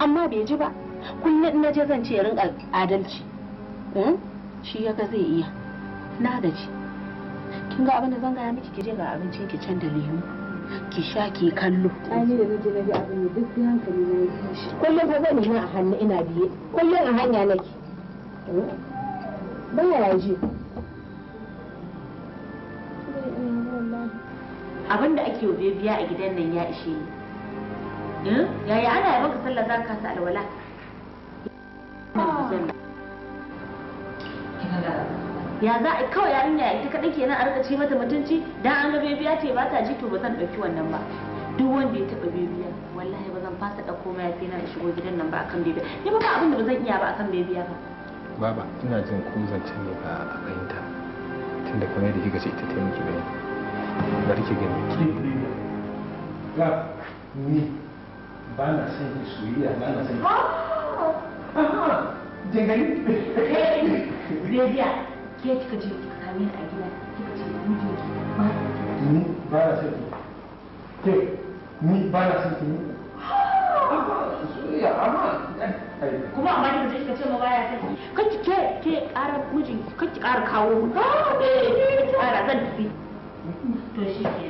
amma bai ji ba kullum na je zan ce rinka adalci hmm? shi ya ga zai iya na gaji kin ga abin da zan gaya miki ki je ga abincin ki can da lemu ki sha ki kallo ani da naje na bi abin da duk hankali na yi kullum fa zan nuna a hannu ina biye kullum a hanya nake hmm? ba ya ji abin da ake biya a gidan nan ya ishe ni Eh? yaya ana yaban ka sallah za ka alwala ya za a kawai yarinya ita kaɗan kenan a rika ce mata mutunci dan an ga bebiya ce ba ta ji to ba zan ɗauki wannan ba duk wanda ya taɓa bebiya wallahi ba zan fasa ɗauko mayafi na shigo gidan nan ba akan bebiya ni ba ba abin da ba zan iya ba akan bebiya ba baba ina jin ku zancen ne ba a fahimta tunda kamar yadda kika ce ita taimaki bayan barke gani. ki ni ba na son ki soyayya ba na son ah! ke a gida kika ce ki ba ni ba na son ke ni ba na son ni ah! soyayya eh, kuma amma kika ce ma baya ke ke mijin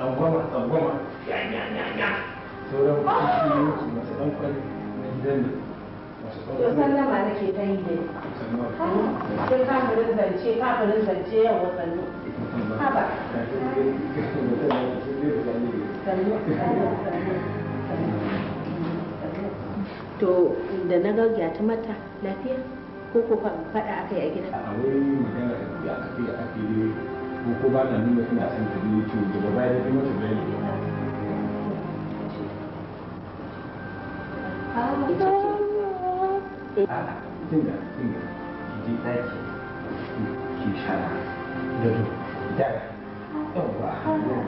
tsangwama tsangwama ya ya ya ya sauran oh! kishiyoyi masu ɗan na gidan nan to sallama nake ta yi ah, da sai kafirin zance kafirin zance yau wa to da na ta mata lafiya ko ko faɗa aka yi a gida a wai magana da aka yi aka yi ko ko ba na nuna ina son ta biyu to daga baya da mata bayani ina a'a tinga da da yawa yawa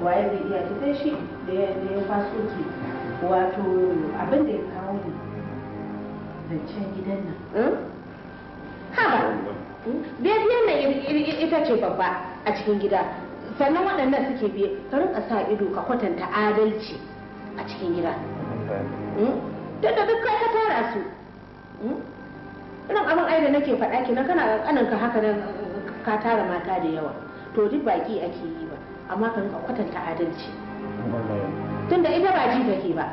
waye zai iya ta sai shi da ya faso ki wato abin da ya kawo ne zancen gidan nan eh? haba bebiyar nan ita ce babba a cikin gida sannan waɗannan suke biye ka rinka sa ido ka kwatanta adalci a cikin gida don hmm? da duk kai ka tara su hmm? irin abin ai da nake faɗa ke kenan kana ƙanƙanin ka haka nan ka tara mata da yawa to duk baƙi ake yi ba amma ka rinka kwatanta adalci tunda ita ba ji take ba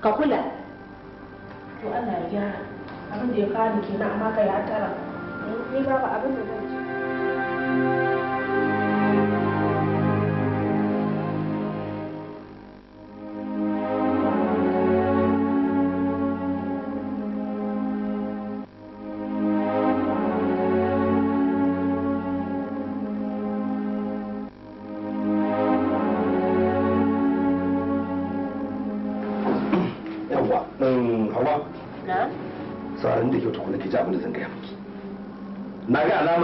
ka kula to Allah ya gyara abin da ya kawo ke kenan amma ka ya tara ni ba abin da zan ci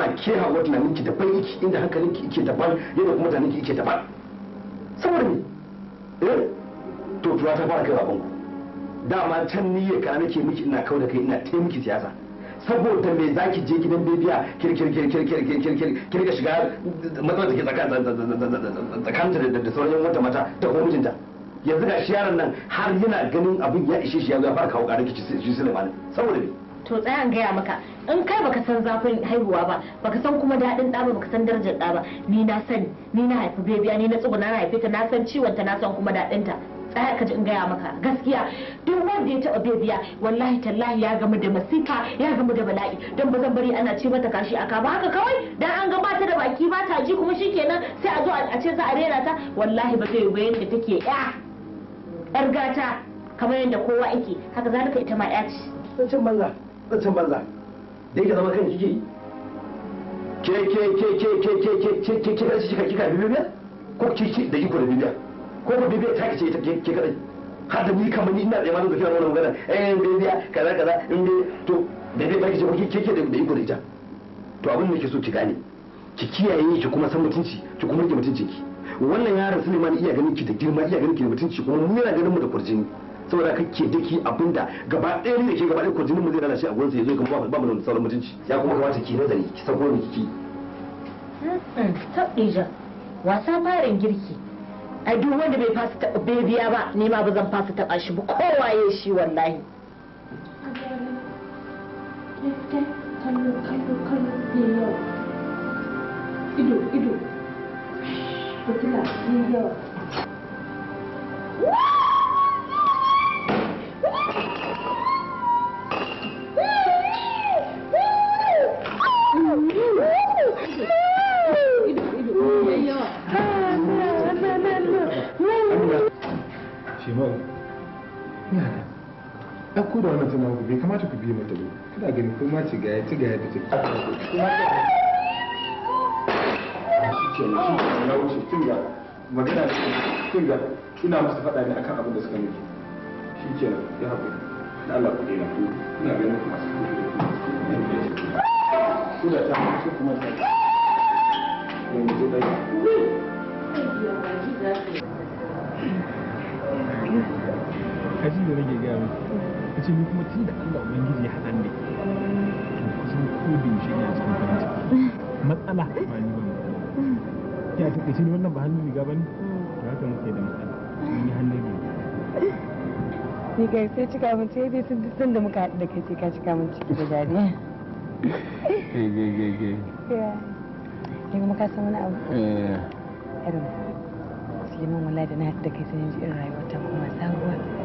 ana kera wa tunanin ki daban yake inda hankalin ki yake daban yadda kuma tunanin ki yake daban saboda me eh to tuwa ta fara kai baban dama can ni ya kana nake miki ina kau da kai ina taimaki miki siyasa saboda me zaki je gidan bebiya kir kir kir kir kir kir kir kir kir ga shiga matsalar da ke tsakanin da da sauran wata mata da kuma mijinta yanzu ga shi yaron nan har yana ganin abin ya ishe shi ya zo ya fara kawo ƙarar kici shi Sulaiman saboda me to tsaya an gaya maka in kai baka san zafin haihuwa ba baka san kuma daɗin ɗa ba baka san darajar ɗa ba ni na sani ni na haifi bebiya ni na tsuguna na haife ta na san ciwon ta na san kuma daɗin ta tsaya ka ji in gaya maka gaskiya duk wanda ya taɓa bebiya wallahi tallahi ya gamu da masifa ya gamu da bala'i don ba zan bari ana ci mata kashi a ba haka kawai dan an ga bata da baki ba ta ji kuma shi kenan sai a zo a ce za a rera ta wallahi ba zai yi bayan yadda take ya yar gata kamar yadda kowa yake haka zalika ita ma ya ce tsancen banza da yake zama kan kike ke ke ke ke ke ke ke ke ke ke ke kika kika bibiya ko ki ki da kiko da bibiya ko ba bibiya ta kice ta ke kadai har da ni kamar ni ina tsaye da kira wannan magana eh bibiya kaza kaza in dai to bibiya ba kice ko ke ke da iko da ita to abin da ke so ki gane ki kiyaye ki kuma san mutunci ki kuma rike mutuncinki wannan yaron Suleiman iya ganin ki da girma iya ganin ki da mutunci kuma mu yana ganin mu da kurjini saboda kake daki abinda gaba ɗaya ne ke gaba ɗaya kwarjinin mu zai lalace a gurin ya zo kuma ba mu da sauran mutunci ya kuma kamata ki nazari ki sako ni kiki hmm, tabdija wasa farin girki ai duk wanda bai fasa taɓa bebiya ba ni ma ba zan fasa taɓa shi ba ya shi wallahi kallo kallo ido, ido, yau ido ido ido, ido, ido ko da wannan tunawa bai kamata ku biye mata ba kada gani ko ma ci gaya ci gaya da take na wuce musu faɗa ne akan abin da suka shi ya Allah ku ku masu kuma da ta su kuma ta kaji da rage gaya mu ka ce ni kuma tun da Allah ubangiji ya haɗa ne to kusan ko da yaushe ina cikin farin ciki matsala ba ni bane ya ta kace ni wannan ba hannun riga bane to haka muke da matsala ni hannun riga ni kai sai cika mun sai dai sun da muka haɗu da kai sai ka cika mun ciki da dariya ge ge ge ge ya kuma ka san wani abu eh irin Suleiman wallahi da na haɗu da kai sai ji irin rayuwar ta kuma sabuwa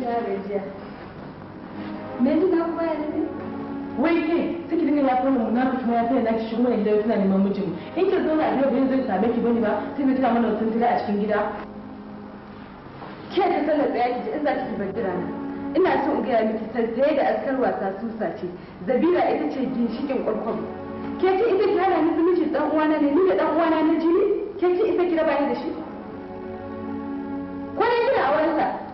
na gajiya me na kuma wai ke suke dinga ya fara mun nafi kuma ya sai na shigo mai gida suna neman mijin in ki zauna a gida ba zai same ki bane ba sai bai tuka mana wata tira a cikin gida ke ta sallar tsaya ki ji in za ki bar jira ina so in gaya miki sai da askar wasa susa zabira ita ce ginshikin kwarkwam ke ce ita ki hana ni dan uwana ne ni da dan uwana na jini ke ce ita ki raba ni da shi ko ne kina aurensa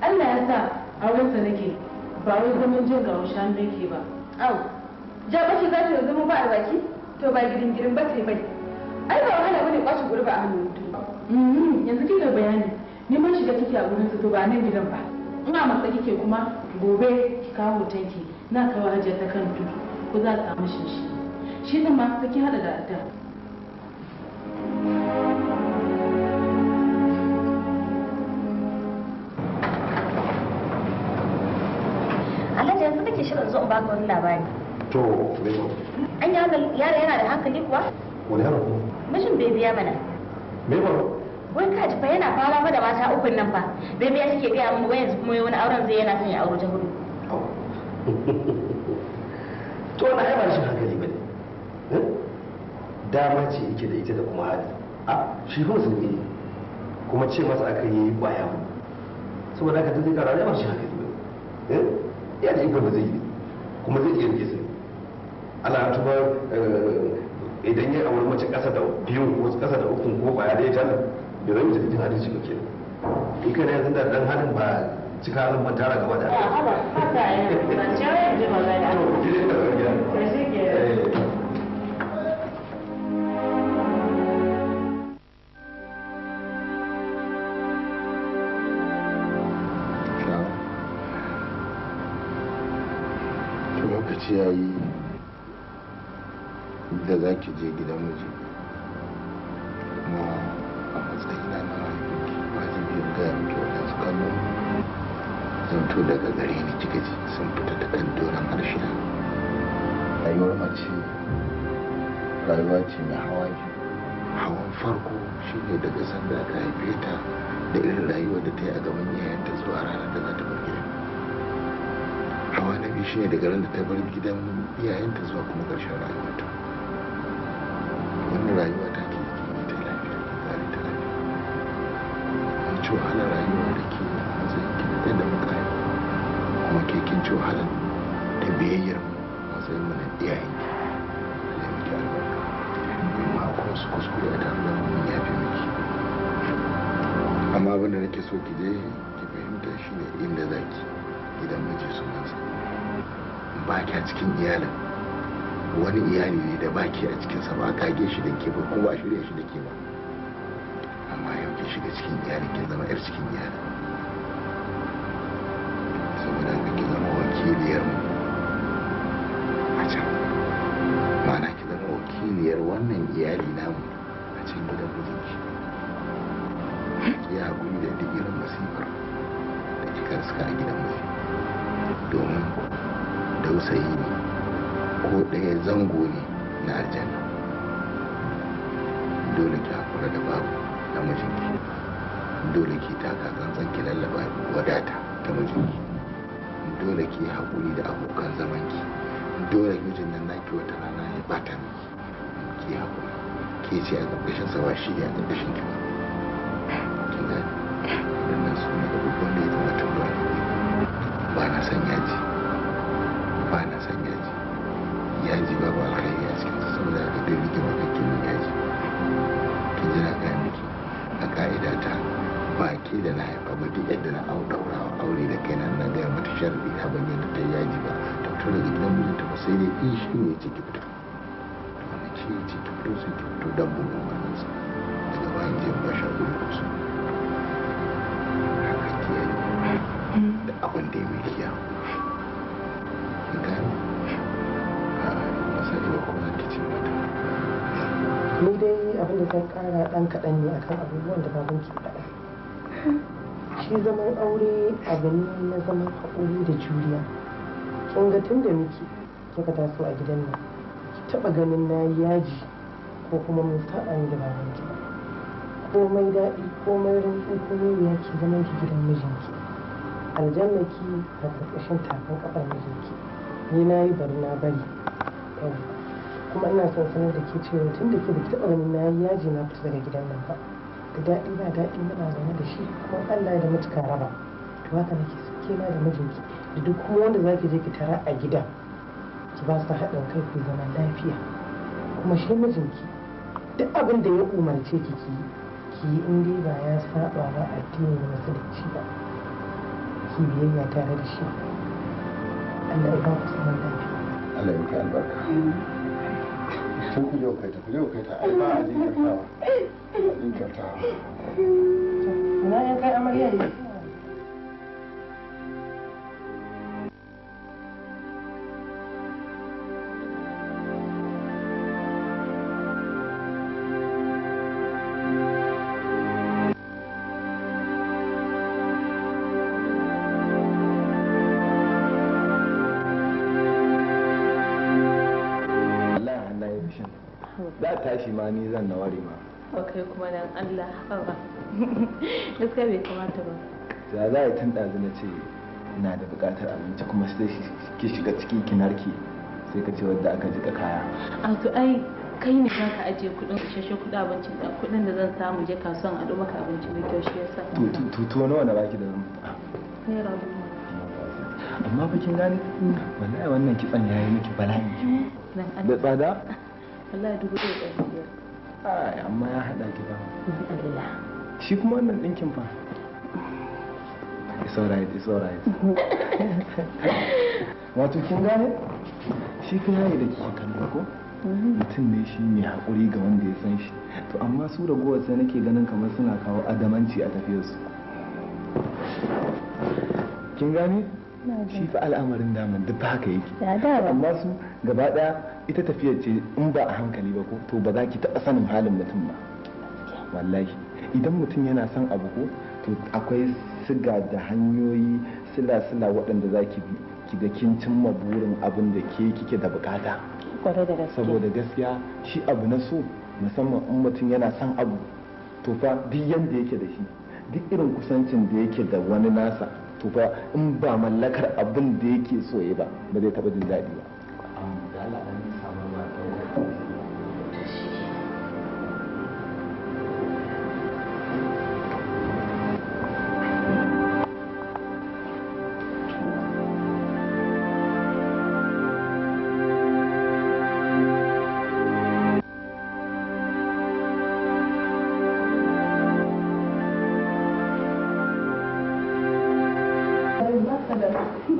Allah ya sa aurensa nake ba wai zaman jin ga shanu ke ba au ja bace za ta zama ba a baki to ba girin girin ba sai bai ai ba wahala bane kwashi gurba a hannun mutum mm-hmm, yanzu kika bayani ni shiga kike a gurin to ba nan gidan ba ina matsa ke kuma gobe ki kawo tanki na kawo hajiya ta kan tudu ko za a samu shi shi din masu kike hada da addu'a da shirin ba baka wani labari to me an yaro yana da hankali kuwa wani yaro mijin bai biya mana me ba wai ka ji fa yana fara fa da mata ukun nan fa bai biya suke gaya mun wayan kuma wani auren zai yana son ya aure ta hudu to na ai ba shi hankali ba ne. Eh? dama ce yake da ita da kuma hali a shi kuma sun ne kuma ce masa aka yi kwaya saboda haka ta zai kara ne ba shi hankali ne. ya ji ba zai yi kuma zai iya rike su ana tuba eh, idan ya aure mace kasa da biyu ko kasa da uku ko kwaya da ita da zai mutu cikin hadisi kake in kai yanzu da dan halin ba cika halin ba tara gaba da a ah, haba haka yanzu ba ce wai yanzu magana ki je gidan miji kuma a matsayina na wajibi gaya miki waɗansu kallon zanto daga gare ni kika ji sun fita ta kan doron harshe rayuwar mace rayuwa ce mai hawa hawan farko shine daga sanda aka haife ta da irin rayuwar da ta yi a gaban yayanta zuwa ranar da za ta bar gidan hawa na biyu shine daga ran da ta bar gidan iyayenta zuwa kuma ƙarshen rayuwarta wannan rayuwa ta ke ta lafiya tsari ta lafiya an ci wahalar rayuwa da ke matsayin ki da da muka yi kuma ke kin ci wahalar da biyayyar matsayin mu na iyayen ki da ya miki albarka ma akwai wasu kuskure a tare da ya fi miki amma abin da nake so ki je ki fahimta ne inda za ki, idan miji su kansa ba kya cikin iyalin wani iyali ne da baki a cikinsa ba ka ge shi da ke ba ko ba shirya shi da ke ba amma yau ki shiga cikin iyali kin zama yar cikin iyali saboda haka ki zama wakiliyar mu a can mana ki zama wakiliyar wannan iyali namu a can gidan shi ya haƙuri da duk irin masifar da kika suka a gidan mu domin dausayi ne ko ɗaya zango ne na aljanna dole ki hakura da babu na mijinki dole ki taka tsantsan ki lallaba wadata ta mijinki dole ki haƙuri da abokan zamanki dole mijin nan naki wata rana ya bata miki ki haƙuri ke ce a ƙarƙashin sa ba shi ne a ƙarƙashin ki ba kin gani wannan su ne abubuwan da ya kamata ba na san yaji mahaifiyar a ban yadda ta yaji ba ta fito da gidan mijinta ba sai dai in shi ne ya ce ki fito wanda ce ya ce ki fito sai ki fito dan bin umarninsa daga bayan je ba sha gudu da su haka ki yi da abin da ya mai kiya ki gani a masani ba kuma ki ce mata ni dai abin da zan kara dan kaɗan ne akan abubuwan da babanki faɗa shi zaman aure abu ne na zaman haƙuri da juriya kin ga tun da muke kika taso a gidan nan ki taɓa ganin na yaji ko kuma mun taɓa ni da babanki komai daɗi komai rinƙi komai ya ki zaman ki gidan mijinki aljanna ki a ƙarƙashin tafin ƙafar mijinki ni na yi bari na bari kuma ina son sanar da ke cewa tun da ke da taɓa ganin na yaji na fita daga gidan nan ba da daɗi ba daɗi muna zaune da shi ko Allah ya da mutuka raba to haka nake ke na da mijinki da duk kuma wanda zaki je ki tara a gida ki ba su haɗin kai ku zaman lafiya kuma shi mijinki duk abin da ya umarce ki ki ki yi in dai ba ya saba ba a masa da ci ba ki biyayya tare da shi Allah ya ba ku zaman lafiya Allah ya miki albarka sun ku yau kai ta ku yau kai ta ai ba a jinkartawa Na ya kai amarya ne. kuma dan Allah haka ba gaskiya bai kamata ba za a tun ɗazu na ce na da buƙatar abinci kuma sai ki shiga ciki ki narke sai ka ce wadda aka jika kaya a to ai kai ne za ka ajiye kuɗin isasshen kuɗin abincin da kuɗin da zan samu je kasuwan a ɗumaka abinci mai kyau shi yasa to to nawa na baki da zan fita naira amma bakin gani wallahi wannan kitsan ya yi miki bala'i mm. da tsada wallahi dubu ɗaya amma ya hada ki ba shi kuma wannan ɗinkin fa it's alright it's alright wato kin gane shi kin yayi da kike kallo ko mm-hmm. mutum ne shi mai haƙuri ga wanda ya san shi to amma su da gowar sai nake ganin kamar suna kawo adamanci a tafiyarsu kin gane shi fa al'amarin daman duk haka yake amma su gaba daya ita tafiya ce in ba a hankali ba ko to ba za ki taɓa sanin halin mutum ba wallahi idan mutum yana son abu ko to akwai siga da hanyoyi sila-sila waɗanda za ki bi ki ga kin cimma burin abin da ke kike da bukata saboda gaskiya shi abu na so musamman in mutum yana son abu to fa duk yanda yake da shi duk irin kusancin da yake da wani nasa to in ba mallakar abin da yake so ya ba ba zai taɓa jin daɗi ba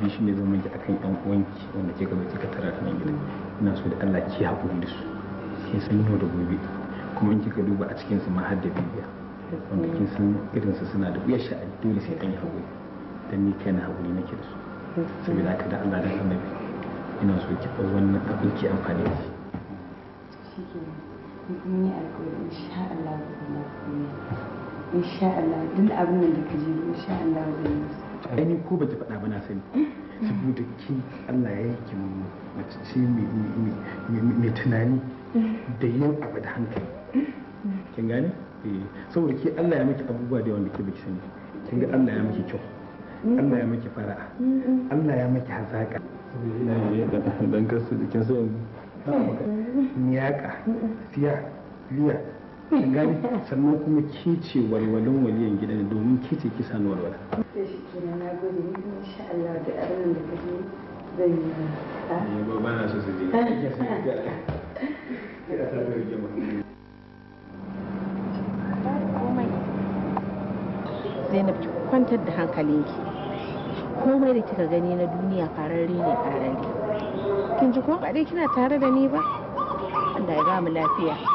biyu shine zan miki akan yan uwanki wanda ke gaba kika tara a nan gidan ina so da Allah ki hakuri da su kin san yau da gobe kuma in kika duba a cikin su ma har da bibiya wanda kin san irin su suna da buya sha'a dole sai an yi hakuri dan ni kai na haƙuri nake da su saboda haka da Allah da annabi ina so ki ɗau wannan abin ki amfani da shi mun yi alƙawari insha Allah zan yi insha Allah duk abin da ka ji insha Allah zan yi an ko ta faɗa ba na sani saboda ki Allah ya yi ki mace ce mai tunani da yin abu da hankali kin gane eh, saboda ki Allah ya miki abubuwa da yawan da ke baki sani kin ga Allah ya miki kyau Allah ya miki fara'a Allah ya miki hazaka dan kasu jikin sai niyaka siya liya gani sannan kuma ke walwalin waliyan gida ne domin ke kisan walwala da shi na Allah da da yi ba Zainab ki kwantar da hankalinki komai da kika gani na duniya fararre ne fararre kin ji ko kadai kina tare da ni ba Allah ya ba mu lafiya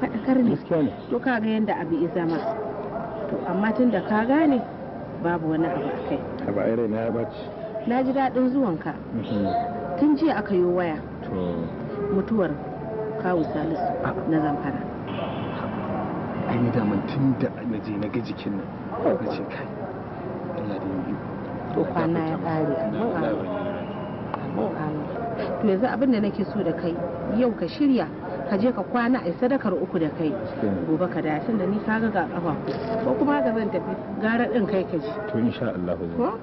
faɗakar ne to ka ga yadda abu ya zama to amma tun da ka gane babu wani abu a kai abu a na ya bace na ji daɗin zuwanka mhm. tun jiya aka yi waya mutuwar kawu salisu ah. na zamfara ai ni daman da na je na ga nan na ce kai Allah da yi to kwana ya ƙare amma to yanzu abin da nake so da kai yau ka shirya ka je ka kwana a sadakar uku da kai gobe ka dace da ni kaga ga kafa ko kuma ga zan tafi gara din kai ka ji to insha Allah ko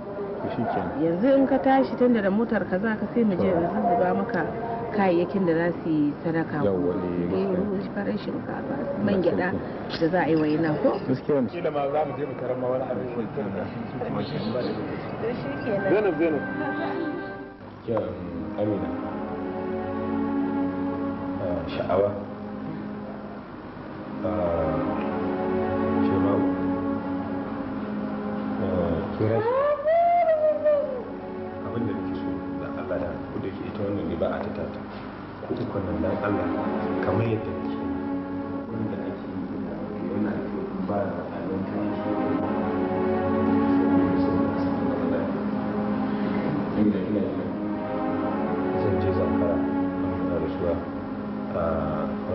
yanzu in ka tashi tunda da motar ka za ka sai mu je in zuba maka kayayyakin da za su yi sadaka ko eh, eh, farin shinkafa man gyada da za a yi waina ko gaskiya mu kila ma za mu je mu karama wani abin da shi kenan zainab zainab ya amina sha'awa ah, a ah, kira shi abin da nake so da allah da ku da ke ita wannan ne ba a tata ta ku uku nan dan allah kamar yadda nake wanda ake yi da yana ake ba da tsanin shi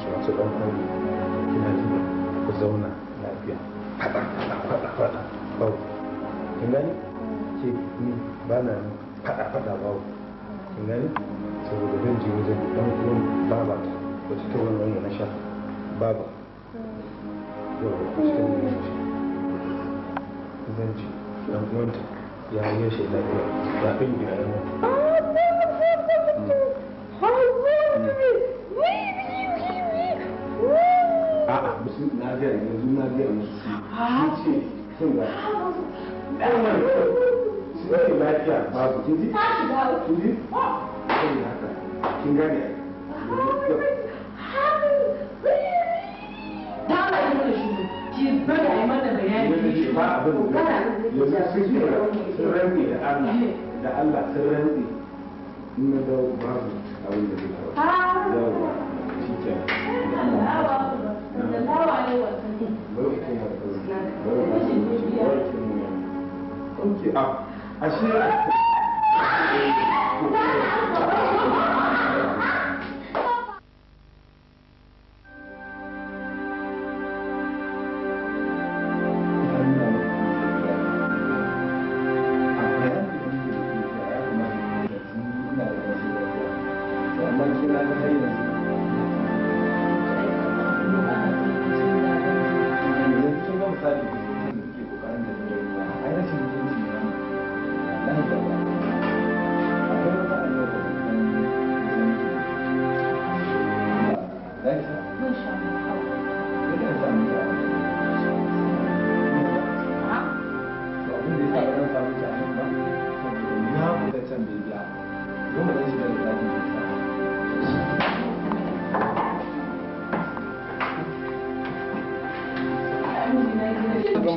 zuciya wasu dan fari kina jina ku zauna lafiya fada fada fada bawo babu kin gani ce ni ba na fada fada bawo kin gani saboda zan je wajen ɗan uwan baba ba ta wani wani na sha baba zan ci dan uwanta ya yi shi lafiya ya ɗin gina ba. su na gaya yanzu na gaya musu su ce sun ga ɗanwar su ne lafiya ba su kin ji kin ji sun yi haka kin gane da Allah sun rantsi na dawo babu abin da zai kawo. Dawo shi ke. sallallahu Okay, ah,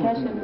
Thank you.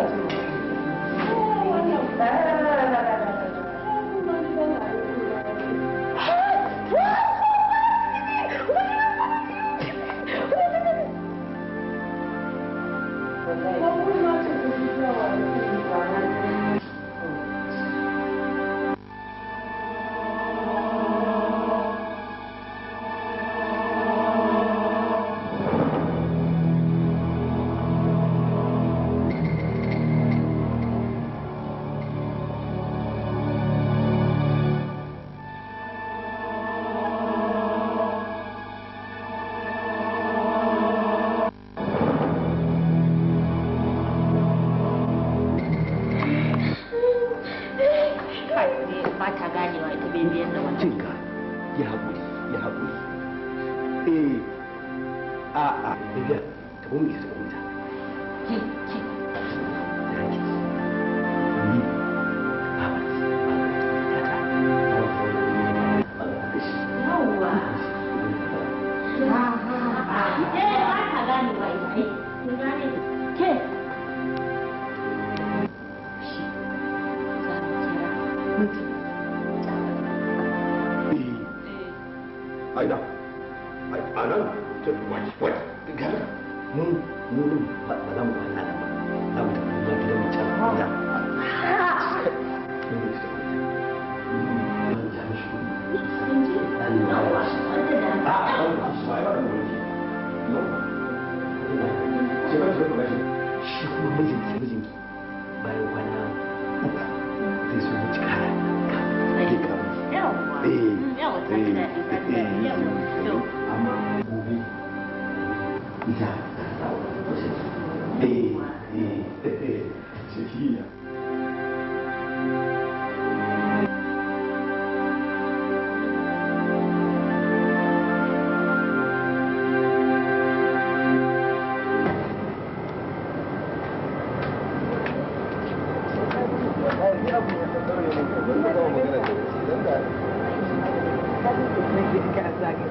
Thank you.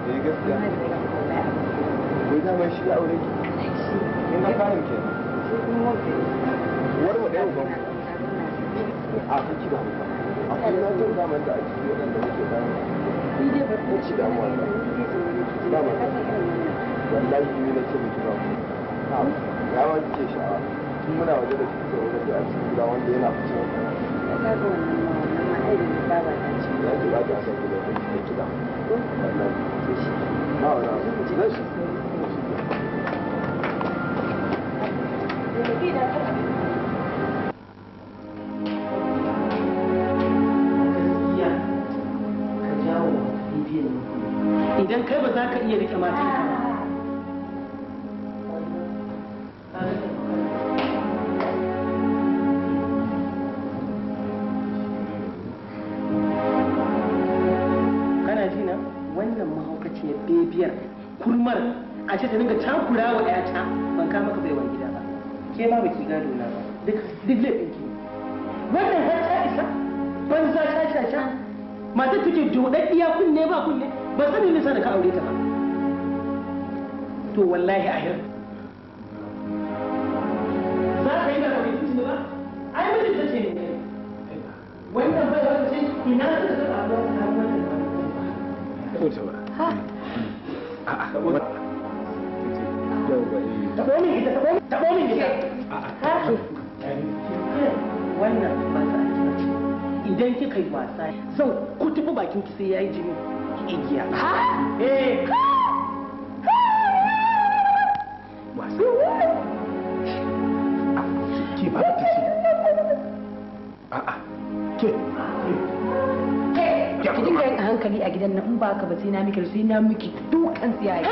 eh gaskiya ko da mai shi aure in na kayan ke wani ɗaya gwamnati a kan ci da akwai na jin zaman da ake yi muke ci damuwa wallahi na ce ba ya wani ke sha'awa muna waje da a cikin gida wanda yana fice wata ya ce ba ta san gida da wallahi 哦，那不简单事。哎，你别的胳膊咋可以这么硬？ya bebiyar kurmar a ce ta dinga cakura wa ƴata ban kama ka baiwa gida ba ke ba ma baki gado na ba duk duk laifin ki wannan har ta isa ban za banza shashasha matar take joɗaɗɗiya kunne ba kunne ba sani nisa da ka aure ta ba to wallahi ahir za ka yi da ba ba ai ta ce ne wannan bai wata ce ina ta da abuwa ta hannun da ba wannan idan kika yi wasa zan kutubu bakin ki sai yayi jini igiya eh wasa ki ba ta ce a'a a gidan na in ba ka ba sai na miki sai na miki dukan tsiyaye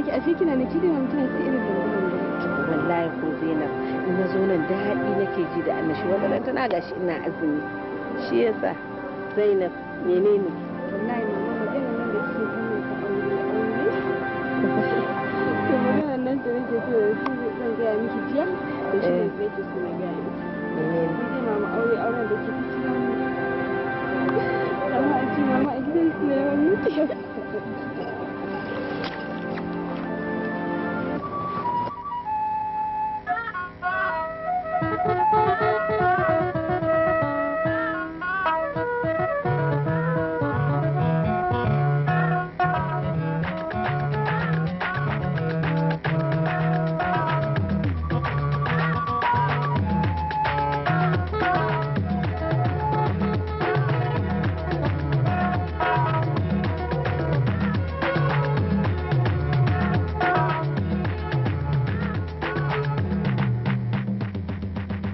baki ashe kina na kidi wani tun sai irin dangulan wallahi ko Zainab in na zo nan daɗi nake ji da annashi wannan tana gashi ina azumi shi yasa Zainab menene wallahi ma mama magana nan da kike yi ka aure aure to magana nan da nake so da shi zan ga miki jiya da shi ne zai eh. ke so na ga miki ne mama aure auren da kike yi amma a ce mama a gidan su ne wani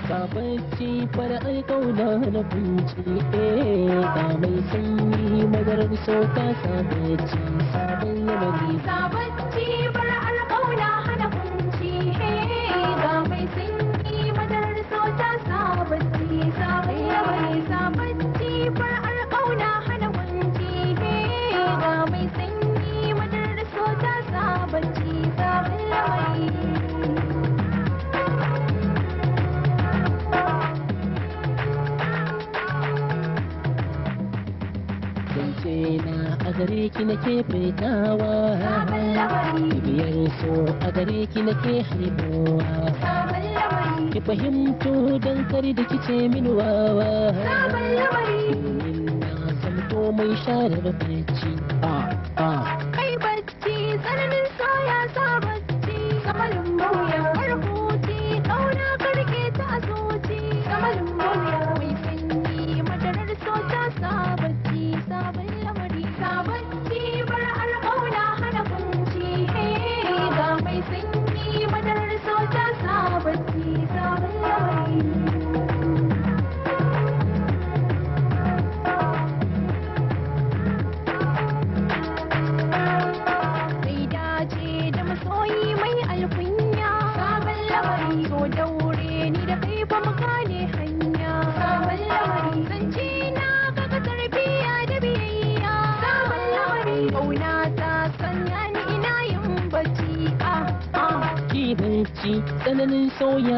Kafanci fara kauna na bunci eh mai sun yi madarar sauka sabaci sabon yamani. gare ki nake fitawa bibiyar so a gare ki nake haifowa ki fahimto don kar da kice min wawa na san komai share da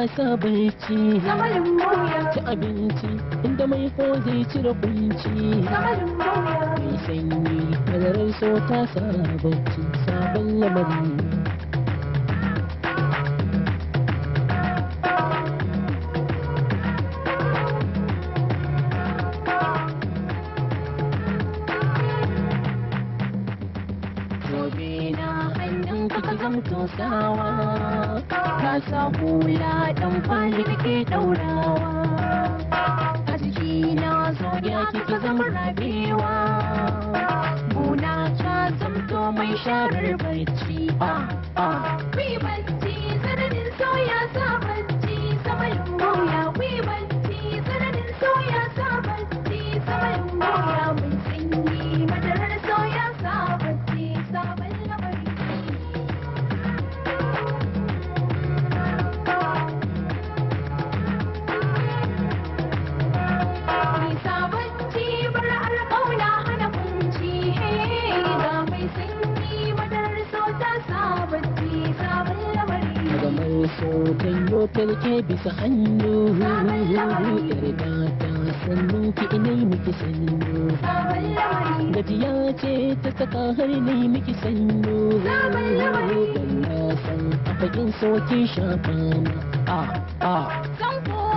sa barci ci abinci inda mai ko zai cire kunci mai sanyi madarar so ta sa barci sabon lamarin ga hula dan kwali nake daurawa a jikina ya kika zama rabewa muna ta zamto mai sharar barci ah ah hoton yotar ke bisa hannu yarda ta sannu ki inai miki sannu gajiya ce ta saka har nai miki sannu san a fagen soki shafa a a ah, ah.